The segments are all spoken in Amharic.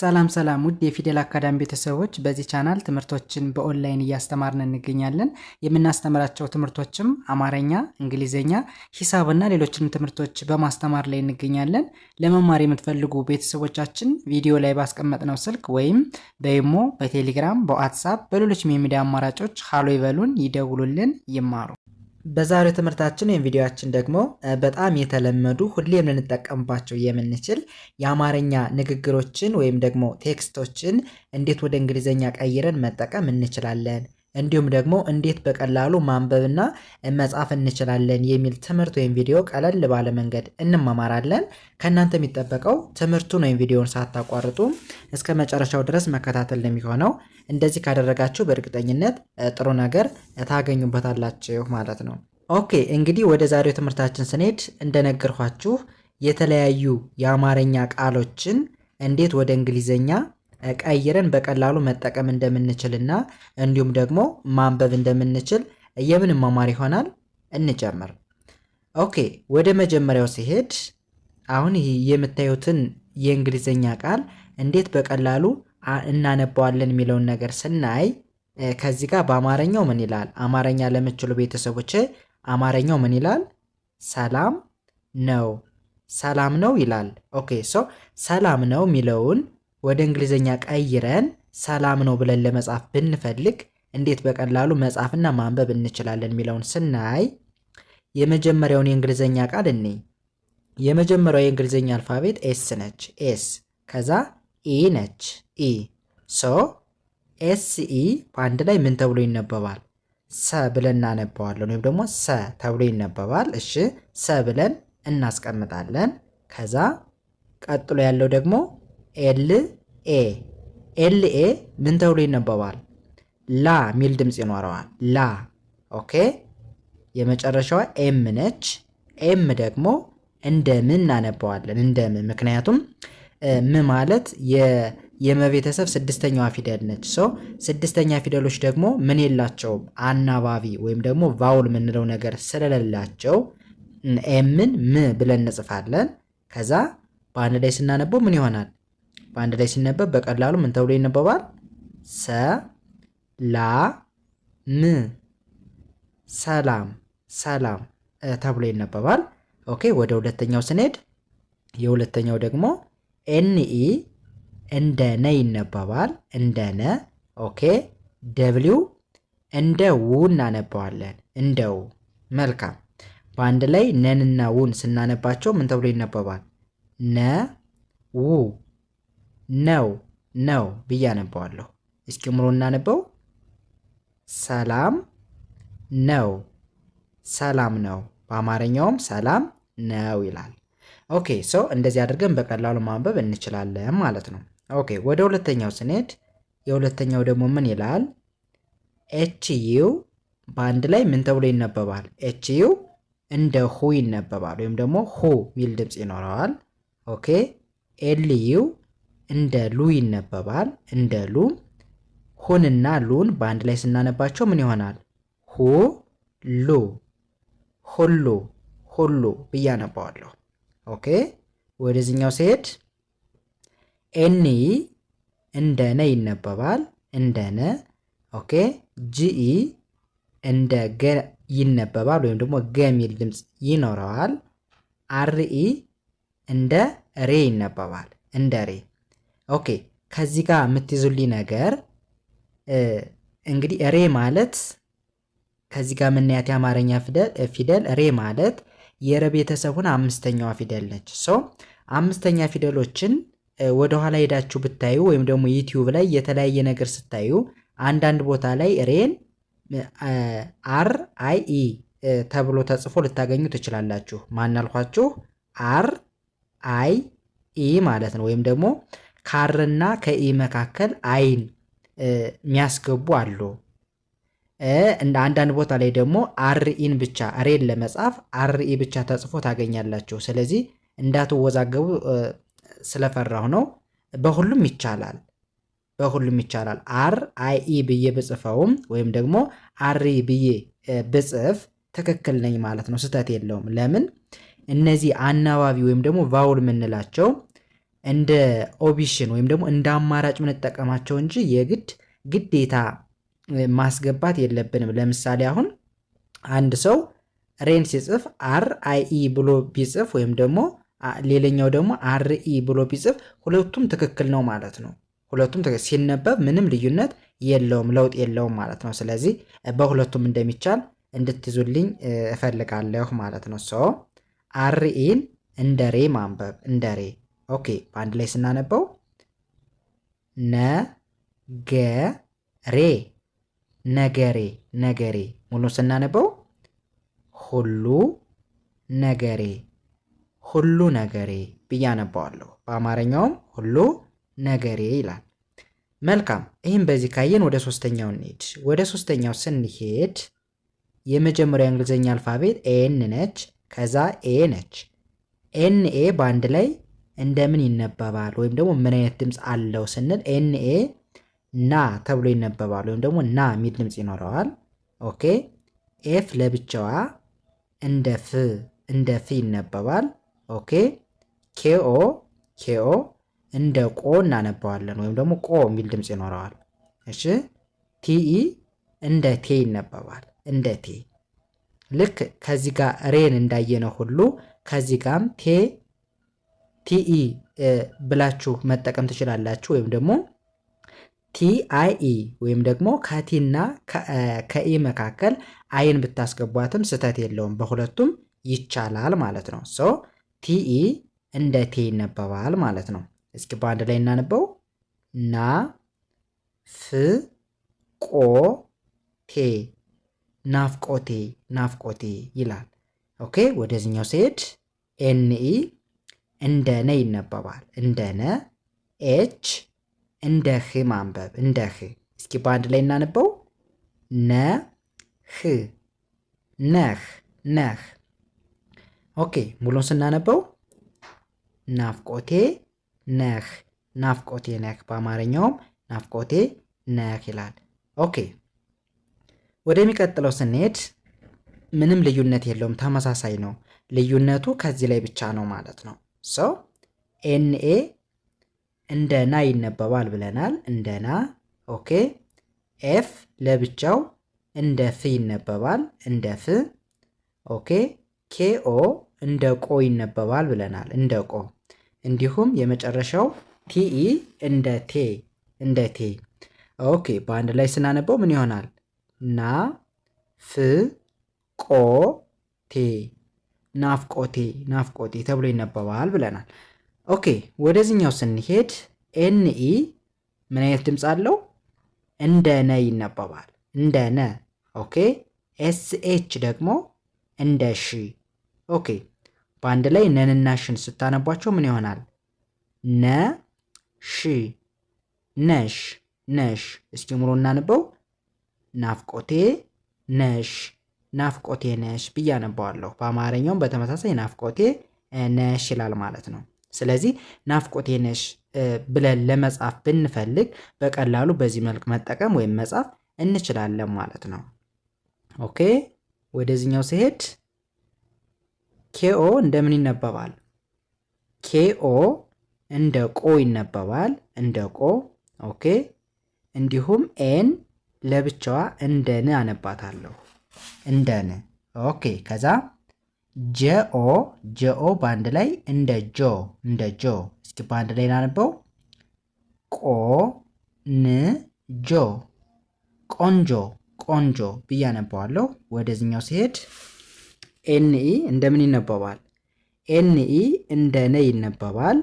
ሰላም ሰላም ውድ የፊደል አካዳሚ ቤተሰቦች፣ በዚህ ቻናል ትምህርቶችን በኦንላይን እያስተማርን እንገኛለን። የምናስተምራቸው ትምህርቶችም አማረኛ እንግሊዝኛ፣ ሂሳብና ሌሎችንም ትምህርቶች በማስተማር ላይ እንገኛለን። ለመማር የምትፈልጉ ቤተሰቦቻችን ቪዲዮ ላይ ባስቀመጥነው ስልክ ወይም በይሞ በቴሌግራም፣ በዋትሳፕ፣ በሌሎች የሚዲያ አማራጮች ሀሎ ይበሉን፣ ይደውሉልን፣ ይማሩ። በዛሬው ትምህርታችን ወይም ቪዲዮችን ደግሞ በጣም የተለመዱ ሁሌም ልንጠቀምባቸው የምንችል የአማርኛ ንግግሮችን ወይም ደግሞ ቴክስቶችን እንዴት ወደ እንግሊዝኛ ቀይረን መጠቀም እንችላለን፣ እንዲሁም ደግሞ እንዴት በቀላሉ ማንበብና መጻፍ እንችላለን የሚል ትምህርት ወይም ቪዲዮ ቀለል ባለ መንገድ እንማማራለን። ከእናንተ የሚጠበቀው ትምህርቱን ወይም ቪዲዮን ሳታቋርጡ እስከ መጨረሻው ድረስ መከታተል ነው የሚሆነው። እንደዚህ ካደረጋችሁ በእርግጠኝነት ጥሩ ነገር ታገኙበታላችሁ ማለት ነው። ኦኬ እንግዲህ ወደ ዛሬው ትምህርታችን ስንሄድ እንደነገርኳችሁ የተለያዩ የአማርኛ ቃሎችን እንዴት ወደ እንግሊዘኛ ቀይረን በቀላሉ መጠቀም እንደምንችልና እንዲሁም ደግሞ ማንበብ እንደምንችል የምንም የምንማማር ይሆናል። እንጨምር። ኦኬ ወደ መጀመሪያው ሲሄድ አሁን ይህ የምታዩትን የእንግሊዘኛ ቃል እንዴት በቀላሉ እናነባዋለን የሚለውን ነገር ስናይ ከዚህ ጋር በአማርኛው ምን ይላል? አማርኛ ለምችሉ ቤተሰቦች አማርኛው ምን ይላል? ሰላም ነው ሰላም ነው ይላል። ኦኬ ሶ ሰላም ነው የሚለውን ወደ እንግሊዝኛ ቀይረን ሰላም ነው ብለን ለመጻፍ ብንፈልግ እንዴት በቀላሉ መጻፍና ማንበብ እንችላለን የሚለውን ስናይ የመጀመሪያውን የእንግሊዝኛ ቃል እኔ የመጀመሪያው የእንግሊዝኛ አልፋቤት ኤስ ነች። ኤስ ከዛ ኢ ነች። ኢ ሶ ኤስ ኢ በአንድ ላይ ምን ተብሎ ይነበባል? ሰ ብለን እናነባዋለን ወይም ደግሞ ሰ ተብሎ ይነበባል። እሺ ሰ ብለን እናስቀምጣለን። ከዛ ቀጥሎ ያለው ደግሞ ኤል ኤ ኤል ኤ ምን ተብሎ ይነበባል? ላ ሚል ድምፅ ይኖረዋል። ላ ኦኬ። የመጨረሻዋ ኤም ነች። ኤም ደግሞ እንደምን እናነባዋለን እንደምን ምክንያቱም ም ማለት የመቤተሰብ ስድስተኛዋ ፊደል ነች። ሰው ስድስተኛ ፊደሎች ደግሞ ምን የላቸውም አናባቢ ወይም ደግሞ ቫውል የምንለው ነገር ስለሌላቸው ኤምን ም ብለን እንጽፋለን። ከዛ በአንድ ላይ ስናነበው ምን ይሆናል? በአንድ ላይ ሲነበብ በቀላሉ ምን ተብሎ ይነበባል? ሰ ላ ም ሰላም ሰላም ተብሎ ይነበባል። ኦኬ ወደ ሁለተኛው ስንሄድ የሁለተኛው ደግሞ ኤንኢ እንደ ነ ይነበባል። እንደ ነ። ኦኬ። ደብሊው እንደ ው እናነባዋለን። እንደ ው። መልካም። በአንድ ላይ ነንና ውን ስናነባቸው ምን ተብሎ ይነበባል? ነ ው ነው ነው ብዬ አነባዋለሁ። እስኪ ምሮ እናነበው። ሰላም ነው ሰላም ነው። በአማርኛውም ሰላም ነው ይላል። ኦኬ ሰው እንደዚህ አድርገን በቀላሉ ማንበብ እንችላለን ማለት ነው። ኦኬ ወደ ሁለተኛው ስንሄድ የሁለተኛው ደግሞ ምን ይላል? ኤች ዩ በአንድ ላይ ምን ተብሎ ይነበባል? ኤች ዩ እንደ ሁ ይነበባል፣ ወይም ደግሞ ሁ ሚል ድምፅ ይኖረዋል። ኦኬ ኤል ዩ እንደ ሉ ይነበባል፣ እንደ ሉ። ሁንና ሉን በአንድ ላይ ስናነባቸው ምን ይሆናል? ሁ ሉ ሁሉ ሁሉ ብዬ አነባዋለሁ። ኦኬ ወደዚህኛው ሲሄድ ኤኒ እንደ ነ ይነበባል። እንደ ነ ኦኬ። ጂኢ እንደ ገ ይነበባል፣ ወይም ደግሞ ገ የሚል ድምፅ ይኖረዋል። አርኢ እንደ ሬ ይነበባል። እንደ ሬ ኦኬ። ከዚህ ጋር የምትይዙልኝ ነገር እንግዲህ ሬ ማለት ከዚህ ጋር የምናያት የአማርኛ ፊደል ሬ ማለት የረ ቤተሰቡን አምስተኛዋ ፊደል ነች። ሶ አምስተኛ ፊደሎችን ወደኋላ ሄዳችሁ ብታዩ ወይም ደግሞ ዩቲዩብ ላይ የተለያየ ነገር ስታዩ አንዳንድ ቦታ ላይ ሬን አር አይ ኢ ተብሎ ተጽፎ ልታገኙ ትችላላችሁ። ማን አልኳችሁ? አር አይ ኢ ማለት ነው። ወይም ደግሞ ካርና ከኢ መካከል አይን የሚያስገቡ አሉ። እንደ አንዳንድ ቦታ ላይ ደግሞ ኢን ብቻ ሬን ለመጻፍ አር ኢ ብቻ ተጽፎ ታገኛላችሁ። ስለዚህ እንዳትወዛገቡ ስለፈራሁ ነው። በሁሉም ይቻላል፣ በሁሉም ይቻላል። አር አይ ኢ ብዬ ብጽፈውም ወይም ደግሞ አሪ ብዬ ብጽፍ ትክክል ነኝ ማለት ነው። ስህተት የለውም። ለምን እነዚህ አናባቢ ወይም ደግሞ ቫውል የምንላቸው እንደ ኦቢሽን ወይም ደግሞ እንደ አማራጭ ምንጠቀማቸው እንጂ የግድ ግዴታ ማስገባት የለብንም። ለምሳሌ አሁን አንድ ሰው ሬን ሲጽፍ አር አይ ኢ ብሎ ቢጽፍ ወይም ደግሞ ሌላኛው ደግሞ አርኢ ብሎ ቢጽፍ ሁለቱም ትክክል ነው ማለት ነው። ሁለቱም ሲነበብ ምንም ልዩነት የለውም፣ ለውጥ የለውም ማለት ነው። ስለዚህ በሁለቱም እንደሚቻል እንድትይዙልኝ እፈልጋለሁ ማለት ነው። ሰው አርኢን እንደ ሬ ማንበብ እንደ ሬ። ኦኬ በአንድ ላይ ስናነበው ነገሬ ነገሬ ነገሬ ሙሉ ስናነበው ሁሉ ነገሬ ሁሉ ነገሬ ብዬ አነባዋለሁ። በአማርኛውም ሁሉ ነገሬ ይላል። መልካም ይህም በዚህ ካየን ወደ ሶስተኛው እንሄድ። ወደ ሶስተኛው ስንሄድ የመጀመሪያው እንግሊዝኛ አልፋቤት ኤን ነች፣ ከዛ ኤ ነች። ኤን ኤ በአንድ ላይ እንደምን ይነበባል ወይም ደግሞ ምን አይነት ድምፅ አለው ስንል ኤን ኤ ና ተብሎ ይነበባል ወይም ደግሞ ና የሚል ድምፅ ይኖረዋል። ኦኬ ኤፍ ለብቻዋ እንደ ፍ እንደ ፍ ይነበባል። ኦኬ ኬኦ ኬኦ እንደ ቆ እናነባዋለን ወይም ደግሞ ቆ የሚል ድምፅ ይኖረዋል። እሺ ቲኢ እንደ ቴ ይነበባል። እንደ ቴ ልክ ከዚህ ጋር ሬን እንዳየነው ሁሉ ከዚህ ጋም ቴ ቲኢ ብላችሁ መጠቀም ትችላላችሁ። ወይም ደግሞ ቲአይኢ ወይም ደግሞ ከቲና ከኢ መካከል አይን ብታስገቧትም ስህተት የለውም። በሁለቱም ይቻላል ማለት ነው። ቲኢ እንደ ቴ ይነበባል ማለት ነው። እስኪ በአንድ ላይ እናንበው ና ፍ ቆ ቴ ናፍቆቴ ናፍቆቴ ይላል። ኦኬ ወደዚኛው ሴድ ኤንኢ እንደ ነ ይነበባል። እንደ ነ ኤች እንደ ህ ማንበብ እንደ ህ። እስኪ በአንድ ላይ እናንበው ነ ህ ነህ ነህ ኦኬ ሙሉን ስናነበው ናፍቆቴ ነህ፣ ናፍቆቴ ነህ። በአማርኛውም ናፍቆቴ ነህ ይላል። ኦኬ ወደሚቀጥለው ስንሄድ ምንም ልዩነት የለውም፣ ተመሳሳይ ነው። ልዩነቱ ከዚህ ላይ ብቻ ነው ማለት ነው። ሰው ኤንኤ እንደ ና ይነበባል ብለናል። እንደ ና ኦኬ። ኤፍ ለብቻው እንደ ፍ ይነበባል፣ እንደ ፍ ኦኬ። ኬኦ እንደ ቆ ይነበባል ብለናል። እንደ ቆ እንዲሁም የመጨረሻው ቲኢ እንደ ቴ እንደ ቴ። ኦኬ በአንድ ላይ ስናነበው ምን ይሆናል? ና ፍ ቆ ቴ ናፍቆቴ ናፍቆቴ ተብሎ ይነበባል ብለናል። ኦኬ ወደዚህኛው ስንሄድ ኤንኢ ምን አይነት ድምፅ አለው? እንደ ነ ይነበባል። እንደ ነ። ኦኬ ኤስኤች ደግሞ እንደ ሺ ኦኬ በአንድ ላይ ነንና ሽን ስታነቧቸው ምን ይሆናል? ነ ሺ ነሽ ነሽ። እስኪ ሙሉ እናንበው። ናፍቆቴ ነሽ ናፍቆቴ ነሽ ብዬ አነባዋለሁ። በአማርኛውም በተመሳሳይ ናፍቆቴ ነሽ ይላል ማለት ነው። ስለዚህ ናፍቆቴ ነሽ ብለን ለመጻፍ ብንፈልግ በቀላሉ በዚህ መልክ መጠቀም ወይም መጻፍ እንችላለን ማለት ነው። ኦኬ ወደዚህኛው ስሄድ ኬኦ እንደምን ይነበባል? ኬኦ እንደ ቆ ይነበባል። እንደ ቆ ኦኬ። እንዲሁም ኤን ለብቻዋ እንደ ን አነባታለሁ። እንደ ን ኦኬ። ከዛ ጀኦ ጀኦ በአንድ ላይ እንደ ጆ እንደ ጆ። እስኪ በአንድ ላይ ላነበው። ቆ ን ጆ ቆንጆ ቆንጆ ብዬ አነባዋለሁ። ወደዚህኛው ሲሄድ ኤንኢ እንደምን ይነበባል? ኤንኢ እንደ ነ ይነበባል።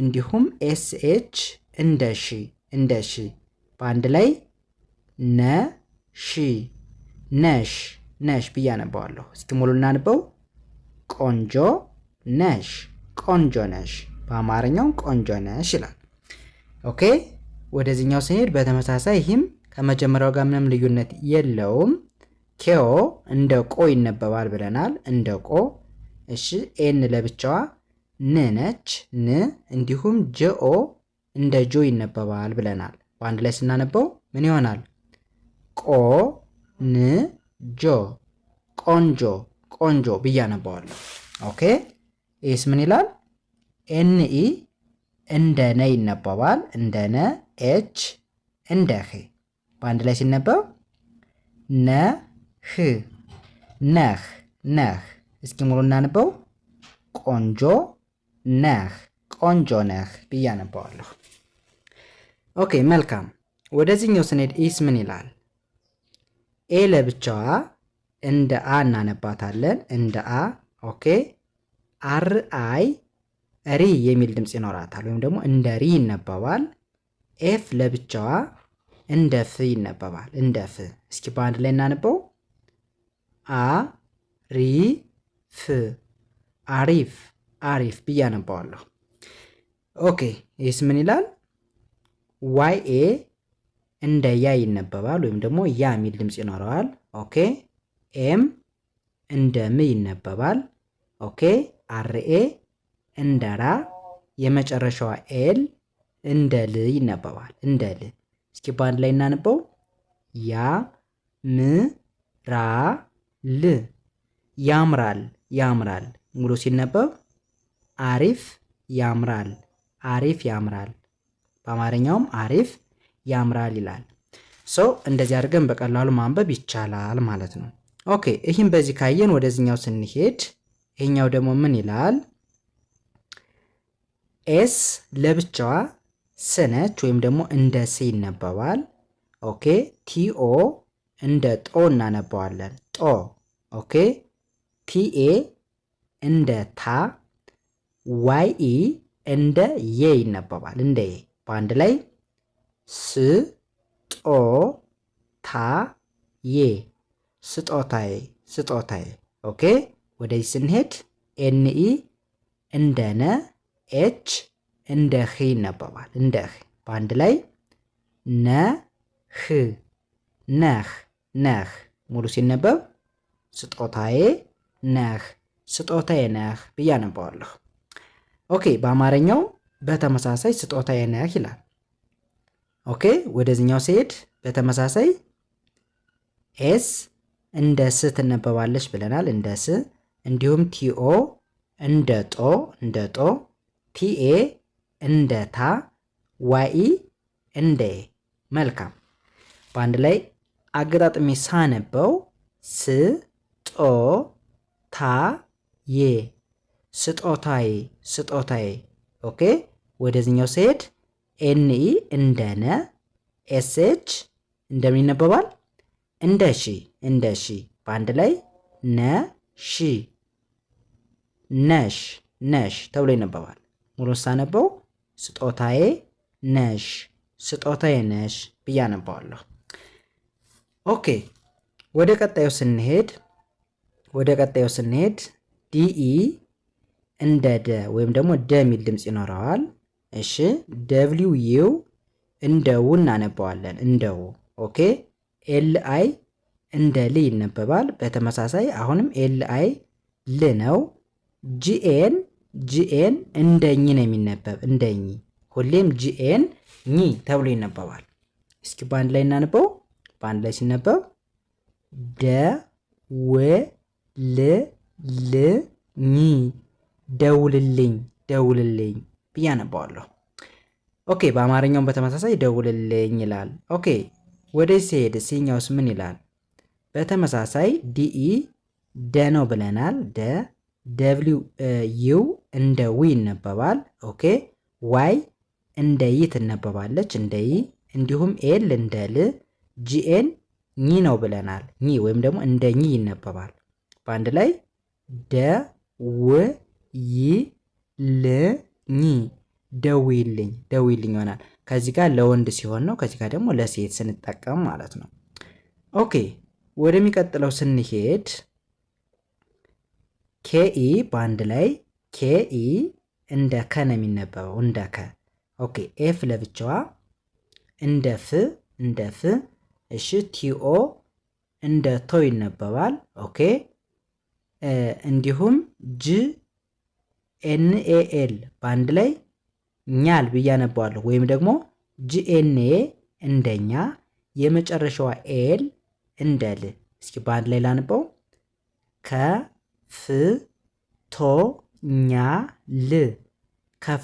እንዲሁም ኤስኤች እንደ ሺ እንደ ሺ በአንድ ላይ ነ ሺ ነሽ ነሽ ብዬ አነባዋለሁ። እስኪ ሙሉ እናንበው። ቆንጆ ነሽ ቆንጆ ነሽ። በአማርኛው ቆንጆ ነሽ ይላል። ኦኬ ወደዚህኛው ስንሄድ በተመሳሳይ ይህም ከመጀመሪያው ጋር ምንም ልዩነት የለውም። ኬኦ እንደ ቆ ይነበባል ብለናል። እንደ ቆ እሺ። ኤን ለብቻዋ ን ነች ን። እንዲሁም ጀኦ እንደ ጆ ይነበባል ብለናል። በአንድ ላይ ስናነበው ምን ይሆናል? ቆ ን ጆ ቆንጆ ቆንጆ ብዬ አነባዋለሁ። ኦኬ ይህስ ምን ይላል? ኤንኢ እንደ ነ ይነበባል። እንደ ነ ኤች እንደ ሄ በአንድ ላይ ሲነበብ ነ ህ ነህ ነህ። እስኪ ሙሉ እናንበው። ቆንጆ ነህ ቆንጆ ነህ ብዬ አነባዋለሁ። ኦኬ መልካም። ወደዚህኛው ስንሄድ ኢስ ምን ይላል? ኤ ለብቻዋ እንደ አ እናነባታለን እንደ አ። ኦኬ አር አይ ሪ የሚል ድምፅ ይኖራታል፣ ወይም ደግሞ እንደ ሪ ይነበባል። ኤፍ ለብቻዋ እንደ ፍ ይነበባል እንደ ፍ። እስኪ በአንድ ላይ እናነበው? አ አሪፍ አሪፍ ብዬ አነባዋለሁ። ኦኬ ይህስ ምን ይላል? ዋይ ኤ እንደ ያ ይነበባል፣ ወይም ደግሞ ያ የሚል ድምፅ ይኖረዋል። ኦኬ ኤም እንደ ም ይነበባል። ኦኬ አር ኤ እንደ ራ፣ የመጨረሻዋ ኤል እንደ ል ይነበባል። እንደ ል። እስኪ በአንድ ላይ እናንበው ያ ም ራ ል ያምራል ያምራል ሙሉ ሲነበብ አሪፍ ያምራል አሪፍ ያምራል በአማርኛውም አሪፍ ያምራል ይላል። ሰው እንደዚህ አድርገን በቀላሉ ማንበብ ይቻላል ማለት ነው። ኦኬ ይህም በዚህ ካየን ወደዚህኛው ስንሄድ ይህኛው ደግሞ ምን ይላል? ኤስ ለብቻዋ ስነች ወይም ደግሞ እንደ ሲ ይነበባል። ኦኬ ቲኦ እንደ ጦ እናነበዋለን። ጦ ኦኬ ቲኤ እንደ ታ ዋይ ኢ እንደ የ ይነበባል። እንደ የ በአንድ ላይ ስ ጦ ታ የ ስጦታዬ ስጦታዬ። ኦኬ ወደዚህ ስንሄድ ኤንኢ እንደ ነ ኤች እንደ ህ ይነበባል። እንደ ህ በአንድ ላይ ነ ህ ነህ ነህ ሙሉ ሲነበብ ስጦታዬ ነህ፣ ስጦታዬ ነህ ብዬ አነባዋለሁ። ኦኬ በአማርኛው በተመሳሳይ ስጦታዬ ነህ ይላል። ኦኬ ወደዚኛው ሲሄድ በተመሳሳይ ኤስ እንደ ስ ትነበባለች ብለናል። እንደ ስ እንዲሁም ቲኦ እንደ ጦ እንደ ጦ ቲኤ እንደ ታ ዋኢ እንደ መልካም በአንድ ላይ አገጣጥሜ ሳነበው የ ስጦታዬ ስጦታዬ። ኦኬ ወደዚህኛው ስሄድ ኤንኢ እንደ ነ ኤስኤች እንደምን ይነበባል? እንደ ሺ እንደ ሺ በአንድ ላይ ነ ሺ ነሽ ነሽ ተብሎ ይነበባል። ሙሉ ሳነበው ስጦታዬ ነሽ ስጦታዬ ነሽ ብዬ አነባዋለሁ። ኦኬ ወደ ቀጣዩ ስንሄድ ወደ ቀጣዩ ስንሄድ ዲኢ እንደ ደ ወይም ደግሞ ደ የሚል ድምፅ ይኖረዋል። እሺ ደብሊው ዩው እንደ ው እናነባዋለን። እንደ ው ኦኬ። ኤል አይ እንደ ል ይነበባል። በተመሳሳይ አሁንም ኤል አይ ል ነው። ጂኤን ጂኤን እንደኝ ነው የሚነበብ እንደ ሁሌም ጂኤን ኝ ተብሎ ይነበባል። እስኪ በአንድ ላይ እናንበው። በአንድ ላይ ሲነበብ ደ ው ል ል ደውልልኝ ደውልልኝ ብዬ አነባዋለሁ። ኦኬ በአማርኛውም በተመሳሳይ ደውልልኝ ይላል። ኦኬ ወደዚህ ሲሄድ ሲኛውስ ምን ይላል? በተመሳሳይ ዲኢ ደ ነው ብለናል። ደ ደብሊው ዩ እንደ ዊ ይነበባል። ኦኬ ዋይ እንደ ይ ትነበባለች እንደ ይ እንዲሁም ኤል እንደ ል ጂኤን ኝ ነው ብለናል። ኝ ወይም ደግሞ እንደ ኝ ይነበባል። በአንድ ላይ ደ ው ይ ል ኝ ደዊልኝ ደዊልኝ ይሆናል። ከዚህ ጋር ለወንድ ሲሆን ነው። ከዚህ ጋር ደግሞ ለሴት ስንጠቀም ማለት ነው። ኦኬ ወደሚቀጥለው ስንሄድ ኬኢ በአንድ ላይ ኬኢ እንደ ከ ነው የሚነበበው እንደ ከ። ኦኬ ኤፍ ለብቻዋ እንደ ፍ እንደ ፍ እሺ ቲኦ እንደ ቶ ይነበባል። ኦኬ እንዲሁም ጅ ኤንኤኤል በአንድ ላይ ኛል ብያነባዋለሁ ወይም ደግሞ ጂኤንኤ እንደኛ ኛ የመጨረሻዋ ኤል እንደ ል። እስኪ በአንድ ላይ ላንበው ከፍቶኛ ል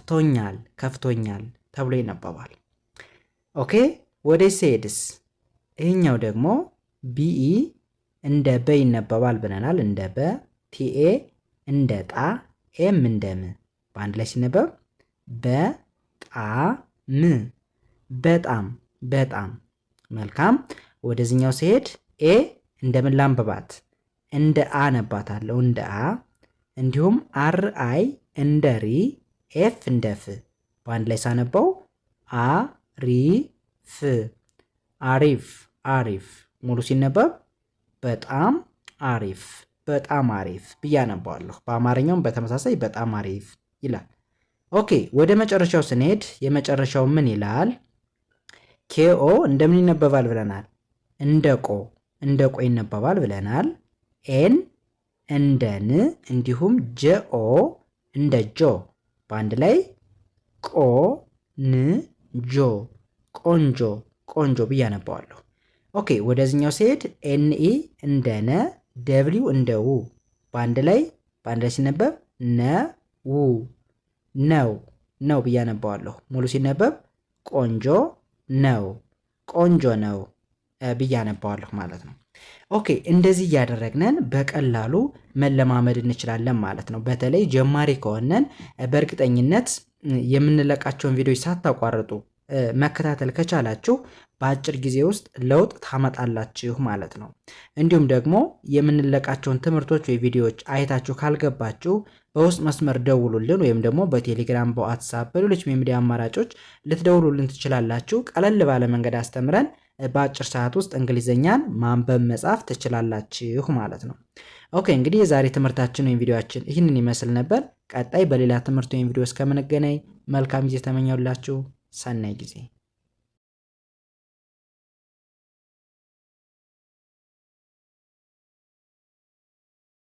ከፍቶኛል፣ ከፍቶኛል ተብሎ ይነበባል። ኦኬ ወደ ሴድስ ይህኛው ደግሞ ቢኢ እንደ በ ይነበባል ብለናል። እንደ በ ቲኤ እንደ ጣ ኤም እንደ ም በአንድ ላይ ሲነበብ በጣም በጣም በጣም መልካም። ወደዚህኛው ሲሄድ ኤ ምን ላንብባት? እንደ አ ነባታለሁ እንደ አ። እንዲሁም አር አይ እንደ ሪ፣ ኤፍ እንደ ፍ በአንድ ላይ ሳነባው አሪፍ አሪፍ አሪፍ ሙሉ ሲነበብ በጣም አሪፍ በጣም አሪፍ ብዬ አነባዋለሁ። በአማርኛውም በተመሳሳይ በጣም አሪፍ ይላል። ኦኬ ወደ መጨረሻው ስንሄድ የመጨረሻው ምን ይላል? ኬኦ እንደምን ይነበባል ብለናል። እንደ ቆ እንደ ቆ ይነበባል ብለናል። ኤን እንደ ን እንዲሁም ጀኦ እንደ ጆ በአንድ ላይ ቆ ን ጆ ቆንጆ ቆንጆ ብዬ አነባዋለሁ። ኦኬ ወደዚኛው ሲሄድ ኤንኢ እንደ ነ ደብሊው እንደ ው በአንድ ላይ በአንድ ላይ ሲነበብ ነ ው ነው ነው ብዬ አነባዋለሁ። ሙሉ ሲነበብ ቆንጆ ነው ቆንጆ ነው ብዬ አነባዋለሁ ማለት ነው። ኦኬ እንደዚህ እያደረግነን በቀላሉ መለማመድ እንችላለን ማለት ነው። በተለይ ጀማሪ ከሆነን በእርግጠኝነት የምንለቃቸውን ቪዲዮች ሳታቋርጡ መከታተል ከቻላችሁ በአጭር ጊዜ ውስጥ ለውጥ ታመጣላችሁ ማለት ነው። እንዲሁም ደግሞ የምንለቃቸውን ትምህርቶች ወይ ቪዲዮዎች አይታችሁ ካልገባችሁ በውስጥ መስመር ደውሉልን፣ ወይም ደግሞ በቴሌግራም በዋትሳፕ፣ በሌሎች የሚዲያ አማራጮች ልትደውሉልን ትችላላችሁ። ቀለል ባለ መንገድ አስተምረን በአጭር ሰዓት ውስጥ እንግሊዝኛን ማንበብ መጻፍ ትችላላችሁ ማለት ነው። ኦኬ እንግዲህ የዛሬ ትምህርታችን ወይም ቪዲዮችን ይህንን ይመስል ነበር። ቀጣይ በሌላ ትምህርት ወይም ቪዲዮ እስከምንገናኝ መልካም ጊዜ ተመኘውላችሁ። ሰናይ ጊዜ